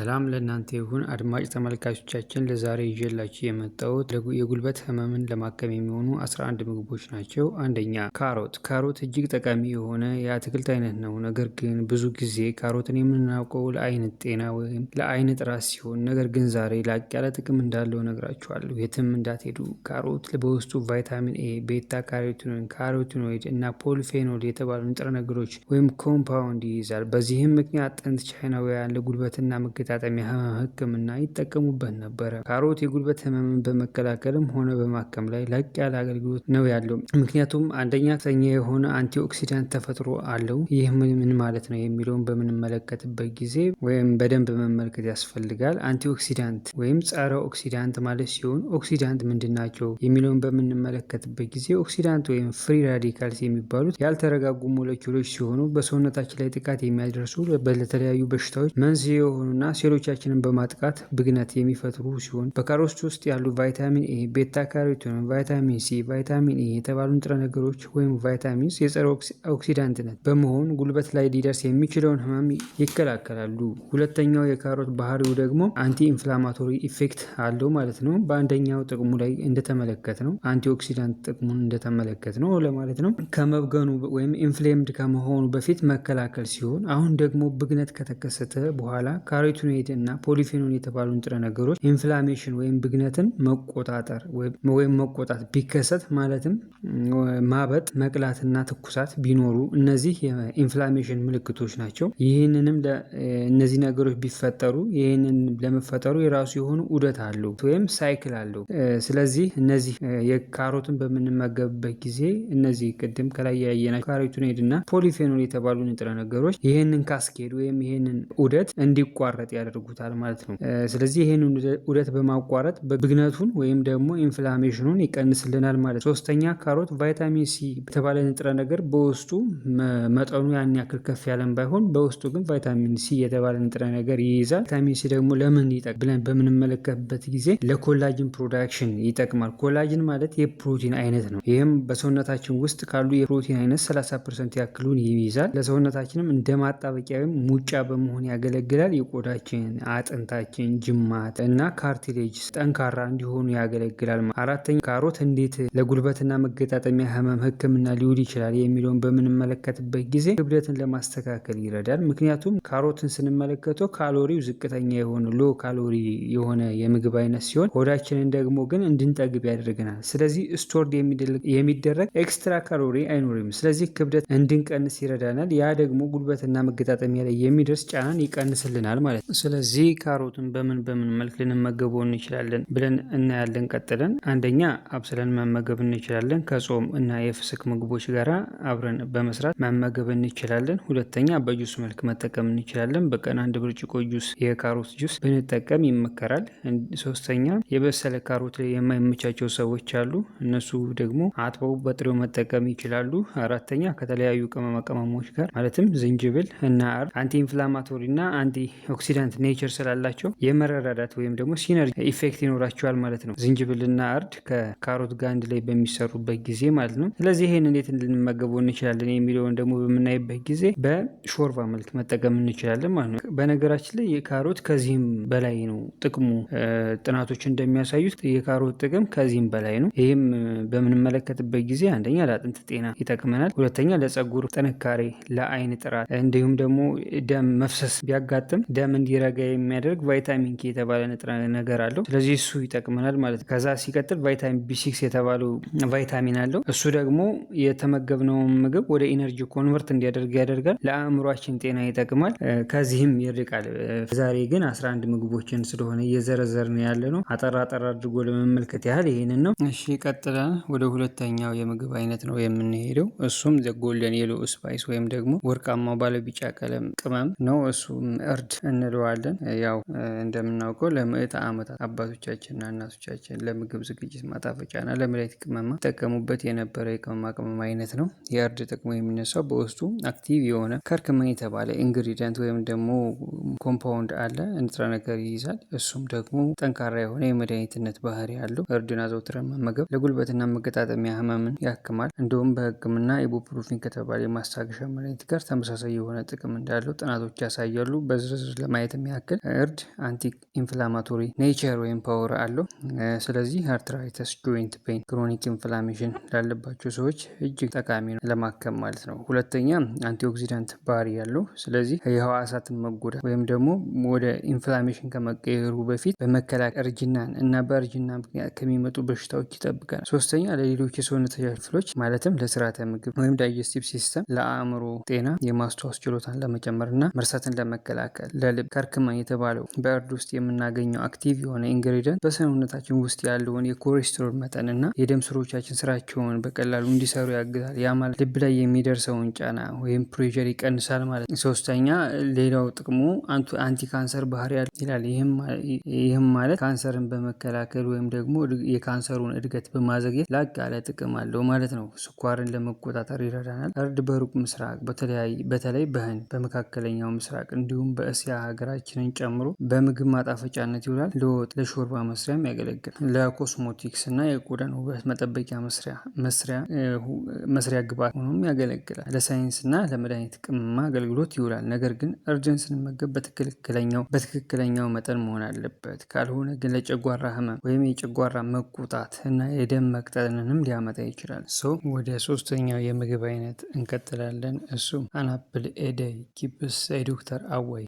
ሰላም ለእናንተ ይሁን አድማጭ ተመልካቾቻችን፣ ለዛሬ ይዤላችሁ የመጣሁት የጉልበት ህመምን ለማከም የሚሆኑ 11 ምግቦች ናቸው። አንደኛ ካሮት። ካሮት እጅግ ጠቃሚ የሆነ የአትክልት አይነት ነው። ነገር ግን ብዙ ጊዜ ካሮትን የምናውቀው ለአይን ጤና ወይም ለአይን ጥራት ሲሆን፣ ነገር ግን ዛሬ ላቅ ያለ ጥቅም እንዳለው ነግራችኋለሁ። የትም እንዳትሄዱ። ካሮት በውስጡ ቫይታሚን ኤ፣ ቤታ ካሮቲኖን፣ ካሮቲኖይድ እና ፖሊፌኖል የተባሉ ንጥረ ነገሮች ወይም ኮምፓውንድ ይይዛል። በዚህም ምክንያት ጥንት ቻይናውያን ለጉልበትና ምክት መገጣጠሚያ ህክምና ይጠቀሙበት ነበረ። ካሮት የጉልበት ህመምን በመከላከልም ሆነ በማከም ላይ ላቅ ያለ አገልግሎት ነው ያለው። ምክንያቱም አንደኛ ከፍተኛ የሆነ አንቲኦክሲዳንት ተፈጥሮ አለው። ይህ ምን ማለት ነው የሚለውን በምንመለከትበት ጊዜ ወይም በደንብ መመልከት ያስፈልጋል። አንቲኦክሲዳንት ወይም ጸረ ኦክሲዳንት ማለት ሲሆን ኦክሲዳንት ምንድን ናቸው የሚለውን በምንመለከትበት ጊዜ ኦክሲዳንት ወይም ፍሪ ራዲካልስ የሚባሉት ያልተረጋጉ ሞለኪሎች ሲሆኑ በሰውነታችን ላይ ጥቃት የሚያደርሱ ለተለያዩ በሽታዎች መንስኤ የሆኑና ሴሎቻችንን በማጥቃት ብግነት የሚፈጥሩ ሲሆን በካሮት ውስጥ ያሉ ቫይታሚን ኤ፣ ቤታ ካሮቲን፣ ቫይታሚን ሲ፣ ቫይታሚን ኤ የተባሉ ንጥረ ነገሮች ወይም ቫይታሚንስ የጸረ ኦክሲዳንትነት በመሆን ጉልበት ላይ ሊደርስ የሚችለውን ህመም ይከላከላሉ። ሁለተኛው የካሮት ባህሪው ደግሞ አንቲ ኢንፍላማቶሪ ኢፌክት አለው ማለት ነው። በአንደኛው ጥቅሙ ላይ እንደተመለከት ነው አንቲ ኦክሲዳንት ጥቅሙን እንደተመለከት ነው ለማለት ነው። ከመብገኑ ወይም ኢንፍሌምድ ከመሆኑ በፊት መከላከል ሲሆን አሁን ደግሞ ብግነት ከተከሰተ በኋላ ካሮቱ ፍላቮኖይድ እና ፖሊፌኖን የተባሉ ንጥረ ነገሮች ኢንፍላሜሽን ወይም ብግነትን መቆጣጠር ወይም መቆጣት ቢከሰት ማለትም ማበጥ፣ መቅላትና ትኩሳት ቢኖሩ እነዚህ የኢንፍላሜሽን ምልክቶች ናቸው። ይህንንም እነዚህ ነገሮች ቢፈጠሩ ይህንን ለመፈጠሩ የራሱ የሆኑ ዑደት አለው ወይም ሳይክል አለው። ስለዚህ እነዚህ የካሮትን በምንመገብበት ጊዜ እነዚህ ቅድም ከላይ ያየናቸው ካሮቲኖይድ እና ፖሊፌኖል የተባሉ ንጥረ ነገሮች ይህንን ካስኬድ ወይም ይህንን ዑደት እንዲቋረጥ ያደርጉታል ማለት ነው። ስለዚህ ይህን ውደት በማቋረጥ ብግነቱን ወይም ደግሞ ኢንፍላሜሽኑን ይቀንስልናል ማለት ነው። ሶስተኛ ካሮት ቫይታሚን ሲ የተባለ ንጥረ ነገር በውስጡ መጠኑ ያን ያክል ከፍ ያለን ባይሆን በውስጡ ግን ቫይታሚን ሲ የተባለ ንጥረ ነገር ይይዛል። ቫይታሚን ሲ ደግሞ ለምን ይጠቅ ብለን በምንመለከትበት ጊዜ ለኮላጅን ፕሮዳክሽን ይጠቅማል። ኮላጅን ማለት የፕሮቲን አይነት ነው። ይህም በሰውነታችን ውስጥ ካሉ የፕሮቲን አይነት 30 ፐርሰንት ያክሉን ይይዛል። ለሰውነታችንም እንደ ማጣበቂያ ወይም ሙጫ በመሆን ያገለግላል። የቆዳችን ስራችን፣ አጥንታችን ጅማት እና ካርቲሌጅ ጠንካራ እንዲሆኑ ያገለግላል። አራተኛ ካሮት እንዴት ለጉልበትና መገጣጠሚያ ህመም ህክምና ሊውል ይችላል የሚለውን በምንመለከትበት ጊዜ ክብደትን ለማስተካከል ይረዳል። ምክንያቱም ካሮትን ስንመለከተው ካሎሪው ዝቅተኛ የሆነ ሎ ካሎሪ የሆነ የምግብ አይነት ሲሆን ሆዳችንን ደግሞ ግን እንድንጠግብ ያደርገናል። ስለዚህ ስቶርድ የሚደረግ ኤክስትራ ካሎሪ አይኖርም። ስለዚህ ክብደት እንድንቀንስ ይረዳናል። ያ ደግሞ ጉልበትና መገጣጠሚያ ላይ የሚደርስ ጫናን ይቀንስልናል ማለት ነው። ስለዚህ ካሮትን በምን በምን መልክ ልንመገበው እንችላለን ብለን እናያለን። ቀጥለን አንደኛ አብስለን መመገብ እንችላለን። ከጾም እና የፍስክ ምግቦች ጋር አብረን በመስራት መመገብ እንችላለን። ሁለተኛ በጁስ መልክ መጠቀም እንችላለን። በቀን አንድ ብርጭቆ ጁስ የካሮት ጁስ ብንጠቀም ይመከራል። ሶስተኛ የበሰለ ካሮት ላይ የማይመቻቸው ሰዎች አሉ። እነሱ ደግሞ አጥበው በጥሬው መጠቀም ይችላሉ። አራተኛ ከተለያዩ ቅመማ ቅመሞች ጋር ማለትም ዝንጅብል እና አንቲ ኢንፍላማቶሪ እና አንቲ ኦክሲዳንት ኢንተርዲፐንደንት ኔቸር ስላላቸው የመረዳዳት ወይም ደግሞ ሲነርጂ ኢፌክት ይኖራቸዋል ማለት ነው። ዝንጅብልና እርድ ከካሮት ጋር አንድ ላይ በሚሰሩበት ጊዜ ማለት ነው። ስለዚህ ይህን እንዴት ልንመገበው እንችላለን የሚለውን ደግሞ በምናይበት ጊዜ በሾርባ መልክ መጠቀም እንችላለን ማለት ነው። በነገራችን ላይ የካሮት ከዚህም በላይ ነው ጥቅሙ። ጥናቶች እንደሚያሳዩት የካሮት ጥቅም ከዚህም በላይ ነው። ይህም በምንመለከትበት ጊዜ አንደኛ ለአጥንት ጤና ይጠቅመናል፣ ሁለተኛ ለጸጉር ጥንካሬ፣ ለአይን ጥራት እንዲሁም ደግሞ ደም መፍሰስ ቢያጋጥም ደም እንዲረጋ የሚያደርግ ቫይታሚን ኬ የተባለ ንጥረ ነገር አለው። ስለዚህ እሱ ይጠቅመናል ማለት ነው። ከዛ ሲቀጥል ቫይታሚን ቢሲክስ 6 የተባለው ቫይታሚን አለው። እሱ ደግሞ የተመገብነውን ምግብ ወደ ኢነርጂ ኮንቨርት እንዲያደርግ ያደርጋል። ለአእምሯችን ጤና ይጠቅማል፣ ከዚህም ይርቃል። ዛሬ ግን 11 ምግቦችን ስለሆነ እየዘረዘር ነው ያለ ነው። አጠራ አጠራ አድርጎ ለመመልከት ያህል ይህንን ነው። እሺ ቀጥለናል። ወደ ሁለተኛው የምግብ አይነት ነው የምንሄደው። እሱም ዘጎልደን የሎ ስፓይስ ወይም ደግሞ ወርቃማው ባለቢጫ ቀለም ቅመም ነው። እሱም እርድ እንለ እንውለዋለን። ያው እንደምናውቀው ለምዕተ ዓመታት አባቶቻችንና እናቶቻችን ለምግብ ዝግጅት ማጣፈጫና ለመድኃኒት ቅመማ ይጠቀሙበት የነበረ የቅመማ ቅመም አይነት ነው። የእርድ ጥቅሙ የሚነሳው በውስጡ አክቲቭ የሆነ ከርክመን የተባለ ኢንግሪዲየንት ወይም ደግሞ ኮምፓውንድ አለ፣ ንጥረ ነገር ይይዛል። እሱም ደግሞ ጠንካራ የሆነ የመድኃኒትነት ባህሪ ያለው እርድን አዘውትረን መመገብ ለጉልበትና መገጣጠሚያ ህመምን ያክማል። እንዲሁም በህግምና ኢቡፕሮፊን ከተባለ የማስታገሻ መድኃኒት ጋር ተመሳሳይ የሆነ ጥቅም እንዳለው ጥናቶች ያሳያሉ። በዝርዝር ለማየት ለማየትም የሚያክል እርድ አንቲ ኢንፍላማቶሪ ኔቸር ወይም ፓወር አለው። ስለዚህ አርትራይተስ፣ ጆይንት ፔን፣ ክሮኒክ ኢንፍላሜሽን ላለባቸው ሰዎች እጅግ ጠቃሚ ነው ለማከም ማለት ነው። ሁለተኛ አንቲኦክሲዳንት ባህሪ ያለው ስለዚህ የህዋሳትን መጎዳት ወይም ደግሞ ወደ ኢንፍላሜሽን ከመቀየሩ በፊት በመከላከል እርጅናን እና በእርጅና ምክንያት ከሚመጡ በሽታዎች ይጠብቃል። ሶስተኛ ለሌሎች የሰውነት ክፍሎች ማለትም ለስርዓተ ምግብ ወይም ዳይጀስቲቭ ሲስተም፣ ለአእምሮ ጤና፣ የማስታወስ ችሎታን ለመጨመር እና መርሳትን ለመከላከል፣ ለልብ ከርክማን የተባለው በእርድ ውስጥ የምናገኘው አክቲቭ የሆነ ኢንግሪደንት በሰውነታችን ውስጥ ያለውን የኮሌስትሮል መጠን እና የደም ስሮቻችን ስራቸውን በቀላሉ እንዲሰሩ ያግዛል። ያ ማለት ልብ ላይ የሚደርሰውን ጫና ወይም ፕሬሸር ይቀንሳል ማለት ነው። ሶስተኛ፣ ሌላው ጥቅሙ አንቲ ካንሰር ባህሪ ይላል። ይህም ማለት ካንሰርን በመከላከል ወይም ደግሞ የካንሰሩን እድገት በማዘግየት ላቅ ያለ ጥቅም አለው ማለት ነው። ስኳርን ለመቆጣጠር ይረዳናል። እርድ በሩቅ ምስራቅ በተለይ በህንድ፣ በመካከለኛው ምስራቅ እንዲሁም በእስያ ሀገራት ሀገራችንን ጨምሮ በምግብ ማጣፈጫነት ይውላል። ለወጥ፣ ለሾርባ መስሪያም ያገለግላል። ለኮስሞቲክስ እና የቆዳን ውበት መጠበቂያ መስሪያ መስሪያ መስሪያ ሆኖም ያገለግላል። ለሳይንስና ለመድኃኒት ቅመማ አገልግሎት ይውላል። ነገር ግን እርድን ስንመገብ በትክክለኛው በትክክለኛው መጠን መሆን አለበት። ካልሆነ ግን ለጨጓራ ህመም ወይም የጨጓራ መቁጣት እና የደም መቅጠልንም ሊያመጣ ይችላል። ሶ ወደ ሶስተኛው የምግብ አይነት እንቀጥላለን። እሱም አናፕል ኤደይ ኪፕስ ዶክተር አወይ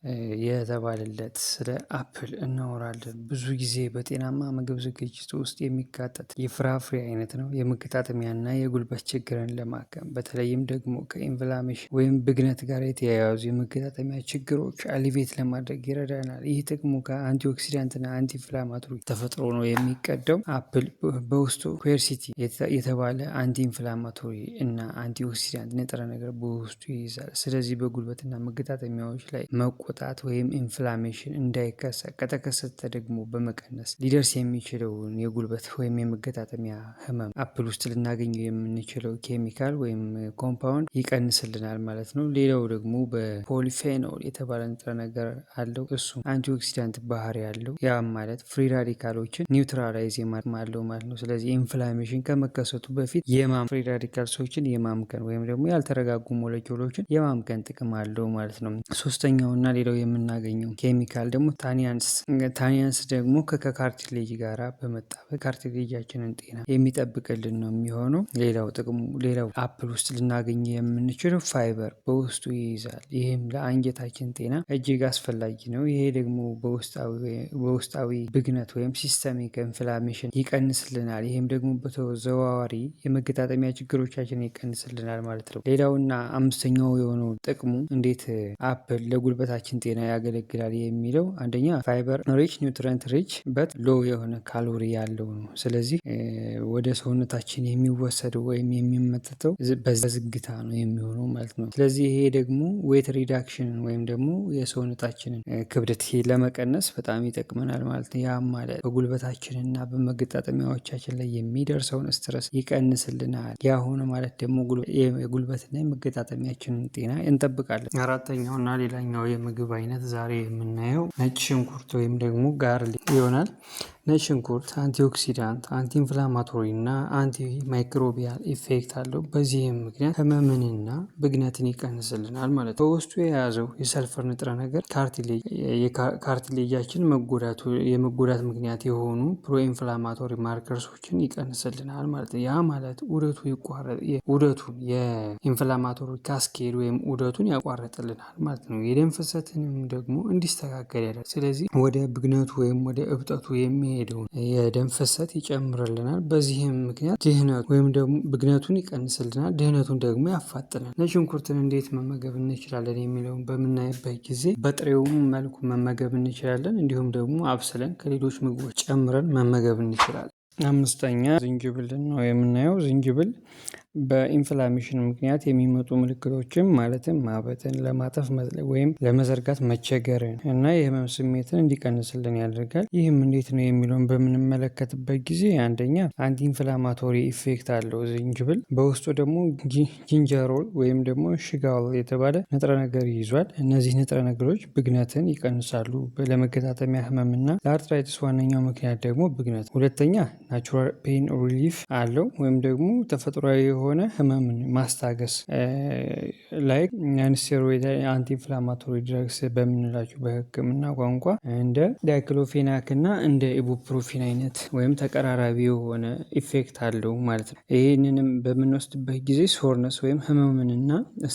ስለተባለለት ስለ አፕል እናወራለን። ብዙ ጊዜ በጤናማ ምግብ ዝግጅት ውስጥ የሚካተት የፍራፍሬ አይነት ነው። የመገጣጠሚያና የጉልበት ችግርን ለማከም በተለይም ደግሞ ከኢንፍላሜሽን ወይም ብግነት ጋር የተያያዙ የመገጣጠሚያ ችግሮች አሊቤት ለማድረግ ይረዳናል። ይህ ጥቅሙ ከአንቲኦክሲዳንትና አንቲኢንፍላማቶሪ ተፈጥሮ ነው የሚቀዳው። አፕል በውስጡ ኮርሲቲ የተባለ አንቲ ኢንፍላማቶሪ እና አንቲኦክሲዳንት ንጥረ ነገር በውስጡ ይይዛል። ስለዚህ በጉልበትና መገጣጠሚያዎች ላይ መቆጣት ወይም ኢንፍላሜሽን እንዳይከሰት ከተከሰተ ደግሞ በመቀነስ ሊደርስ የሚችለውን የጉልበት ወይም የመገጣጠሚያ ህመም አፕል ውስጥ ልናገኘው የምንችለው ኬሚካል ወይም ኮምፓውንድ ይቀንስልናል ማለት ነው። ሌላው ደግሞ በፖሊፌኖል የተባለ ንጥረ ነገር አለው። እሱም አንቲኦክሲዳንት ባህሪ ያለው ያም ማለት ፍሪ ራዲካሎችን ኒውትራላይዝ አለው ማለት ነው። ስለዚህ ኢንፍላሜሽን ከመከሰቱ በፊት የማም ፍሪ ራዲካልሶችን የማምከን ወይም ደግሞ ያልተረጋጉ ሞለኪውሎችን የማምከን ጥቅም አለው ማለት ነው። ሶስተኛውና ሌላው የምናገኝ የሚገኘው ኬሚካል ደግሞ ታኒያንስ ታኒያንስ ደግሞ ከካርትሌጅ ጋር በመጣበቅ ካርትሌጃችንን ጤና የሚጠብቅልን ነው የሚሆነው። ሌላው ጥቅሙ ሌላው አፕል ውስጥ ልናገኘ የምንችለው ፋይበር በውስጡ ይይዛል። ይህም ለአንጀታችን ጤና እጅግ አስፈላጊ ነው። ይሄ ደግሞ በውስጣዊ ብግነት ወይም ሲስተሚክ ኢንፍላሜሽን ይቀንስልናል። ይህም ደግሞ በተዘዋዋሪ የመገጣጠሚያ ችግሮቻችን ይቀንስልናል ማለት ነው። ሌላውና አምስተኛው የሆነው ጥቅሙ እንዴት አፕል ለጉልበታችን ጤና ያገለግል ያገለግላል የሚለው አንደኛ ፋይበር ሪች ኒውትረንት ሪች በት ሎ የሆነ ካሎሪ ያለው ነው። ስለዚህ ወደ ሰውነታችን የሚወሰደው ወይም የሚመጠጠው በዝግታ ነው የሚሆነው ማለት ነው። ስለዚህ ይሄ ደግሞ ዌት ሪዳክሽንን ወይም ደግሞ የሰውነታችንን ክብደት ለመቀነስ በጣም ይጠቅመናል ማለት ነው። ያም ማለት በጉልበታችንና በመገጣጠሚያዎቻችን ላይ የሚደርሰውን ስትረስ ይቀንስልናል። ያሆነ ማለት ደግሞ የጉልበትና የመገጣጠሚያችንን ጤና እንጠብቃለን። አራተኛውና ሌላኛው የምግብ አይነት ዛሬ የምናየው ነጭ ሽንኩርት ወይም ደግሞ ጋርሊክ ይሆናል። ነጭ ሽንኩርት አንቲኦክሲዳንት አንቲኢንፍላማቶሪ እና አንቲ ማይክሮቢያል ኢፌክት አለው። በዚህም ምክንያት ህመምንና ብግነትን ይቀንስልናል ማለት ነው። በውስጡ የያዘው የሰልፈር ንጥረ ነገር ካርቲሌጃችን የመጎዳት ምክንያት የሆኑ ፕሮኢንፍላማቶሪ ማርከርሶችን ይቀንስልናል ማለት ነው። ያ ማለት ውደቱ ውደቱን የኢንፍላማቶሪ ካስኬድ ወይም ውደቱን ያቋረጥልናል ማለት ነው። የደም ፍሰትንም ደግሞ እንዲስተካከል ያደርጋል። ስለዚህ ወደ ብግነቱ ወይም ወደ እብጠቱ የሚ የሚሄደውን የደም ፍሰት ይጨምርልናል። በዚህም ምክንያት ድህነቱ ወይም ደግሞ ብግነቱን ይቀንስልናል፣ ድህነቱን ደግሞ ያፋጥናል። ነጭ ሽንኩርትን እንዴት መመገብ እንችላለን የሚለውን በምናይበት ጊዜ በጥሬውም መልኩ መመገብ እንችላለን፣ እንዲሁም ደግሞ አብስለን ከሌሎች ምግቦች ጨምረን መመገብ እንችላለን። አምስተኛ ዝንጅብልን ነው የምናየው ዝንጅብል በኢንፍላሜሽን ምክንያት የሚመጡ ምልክቶችን ማለትም ማበጥን፣ ለማጠፍ ወይም ለመዘርጋት መቸገርን እና የህመም ስሜትን እንዲቀንስልን ያደርጋል። ይህም እንዴት ነው የሚለውን በምንመለከትበት ጊዜ አንደኛ አንቲ ኢንፍላማቶሪ ኢፌክት አለው ዝንጅብል። በውስጡ ደግሞ ጂንጀሮል ወይም ደግሞ ሽጋል የተባለ ንጥረ ነገር ይዟል። እነዚህ ንጥረ ነገሮች ብግነትን ይቀንሳሉ። ለመገጣጠሚያ ህመምና ለአርትራይትስ ዋነኛው ምክንያት ደግሞ ብግነት። ሁለተኛ ናቹራል ፔን ሪሊፍ አለው ወይም ደግሞ ተፈጥሯዊ የሆነ ህመምን ማስታገስ ላይ አንስቴሮይድ አንቲ ኢንፍላማቶሪ ድረግስ በምንላቸው በህክምና ቋንቋ እንደ ዳይክሎፌናክ እና እንደ ኢቡፕሮፊን አይነት ወይም ተቀራራቢ የሆነ ኢፌክት አለው ማለት ነው። ይህንንም በምንወስድበት ጊዜ ሶርነስ ወይም ህመምንና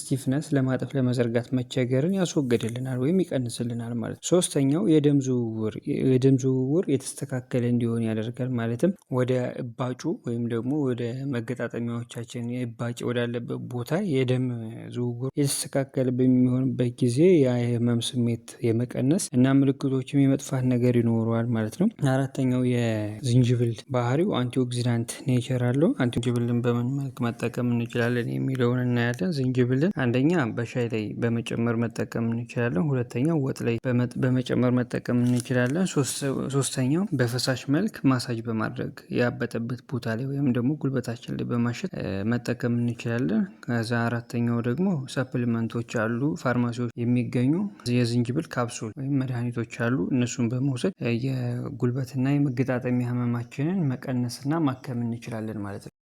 ስቲፍነስ ለማጠፍ ለመዘርጋት መቸገርን ያስወግድልናል ወይም ይቀንስልናል ማለት ነው። ሶስተኛው የደም ዝውውር የደም ዝውውር የተስተካከለ እንዲሆን ያደርጋል ማለትም ወደ እባጩ ወይም ደግሞ ወደ መገጣጠሚያዎቻችን ሰውነታችን እባጭ ወዳለበት ቦታ የደም ዝውውር የተስተካከለ በሚሆንበት ጊዜ የህመም ስሜት የመቀነስ እና ምልክቶችም የመጥፋት ነገር ይኖረዋል ማለት ነው። አራተኛው የዝንጅብል ባህሪው አንቲኦክሲዳንት ኔቸር አለው። አንቲኦክሲዳንትን በምን መልክ መጠቀም እንችላለን የሚለውን እናያለን። ዝንጅብልን አንደኛ በሻይ ላይ በመጨመር መጠቀም እንችላለን። ሁለተኛው ወጥ ላይ በመጨመር መጠቀም እንችላለን። ሶስተኛው በፈሳሽ መልክ ማሳጅ በማድረግ ያበጠበት ቦታ ላይ ወይም ደግሞ ጉልበታችን ላይ በማሸት መጠቀም እንችላለን። ከዛ አራተኛው ደግሞ ሰፕሊመንቶች አሉ ፋርማሲዎች የሚገኙ የዝንጅብል ካፕሱል ወይም መድኃኒቶች አሉ። እነሱን በመውሰድ የጉልበትና የመገጣጠሚያ ህመማችንን መቀነስና ማከም እንችላለን ማለት ነው